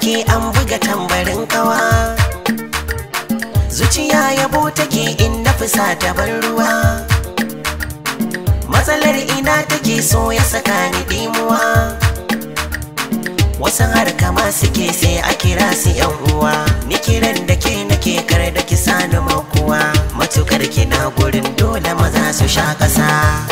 take an buga tambarin kawa zuciya yabo take in na fusa ta ban ruwa matsalar ina take so ya saka ni dimuwa wasu harka ma suke sai a kira su yan uwa ni kiran da ke nake kar da ki sani makuwa matukar kina gurin dole maza su sha kasa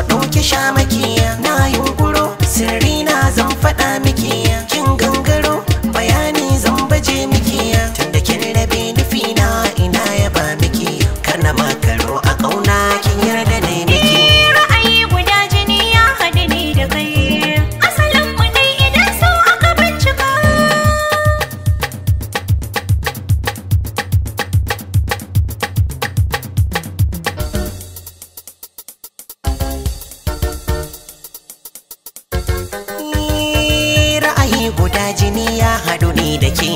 ku ɗauki shamaki na yunkuro sirri na zan faɗa mi jini ya haɗu ni da ke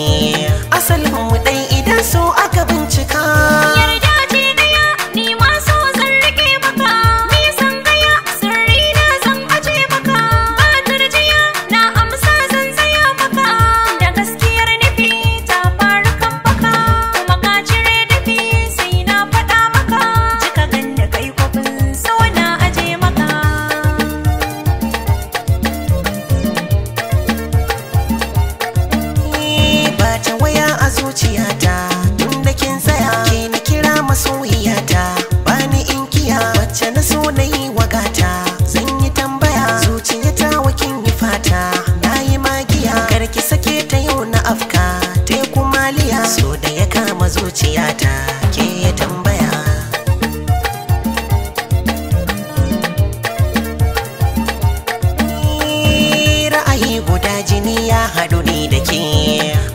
zuciyata tunda kin tsaya ke na kira masoyiyata bani inkiya wacce na so na yi wagata zan yi tambaya zuciyata wa yi fata na yi magiya karki sake ta yau na afka teku maliya so da ya kama zuciyata ke ya tambaya ra'ayi guda jini ya haɗu ni da ke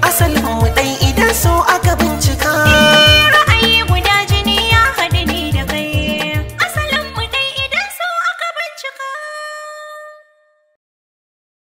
asalin mu ɗai